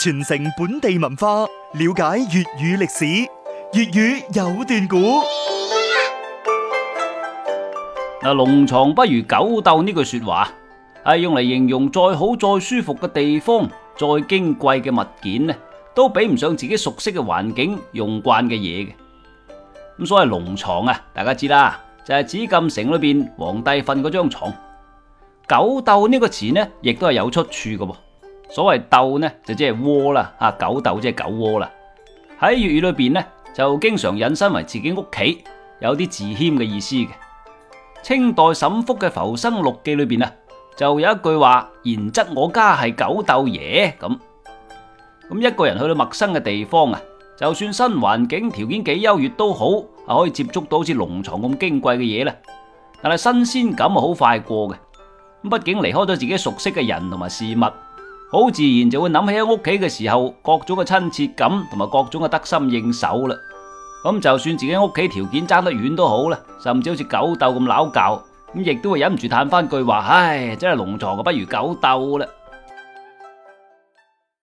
傳承本地文化，了解粵語歷史，粵語有段古。嗱，龍床不如狗竇呢句說話，係用嚟形容再好、再舒服嘅地方、再矜貴嘅物件咧，都比唔上自己熟悉嘅環境、用慣嘅嘢嘅。咁所謂龍床啊，大家知啦，就係紫禁城裏邊皇帝瞓嗰張床。狗竇呢個詞呢，亦都係有出處嘅。所謂竇呢，就即係窩啦，吓、啊、狗竇即係狗窩啦。喺粵語裏邊呢，就經常引申為自己屋企有啲自謙嘅意思嘅。清代沈復嘅《浮生六記》裏邊啊，就有一句話：然則我家係狗竇耶咁。咁一個人去到陌生嘅地方啊，就算新環境條件幾優越都好，係可以接觸到好似龍床咁矜貴嘅嘢啦。但係新鮮感啊，好快過嘅。畢竟離開咗自己熟悉嘅人同埋事物。好自然就會諗起喺屋企嘅時候，各種嘅親切感同埋各種嘅得心應手啦。咁就算自己屋企條件差得遠都好啦，甚至好似狗竇咁拗教，咁亦都會忍唔住嘆翻句話：唉，真係龍床嘅，不如狗竇啦。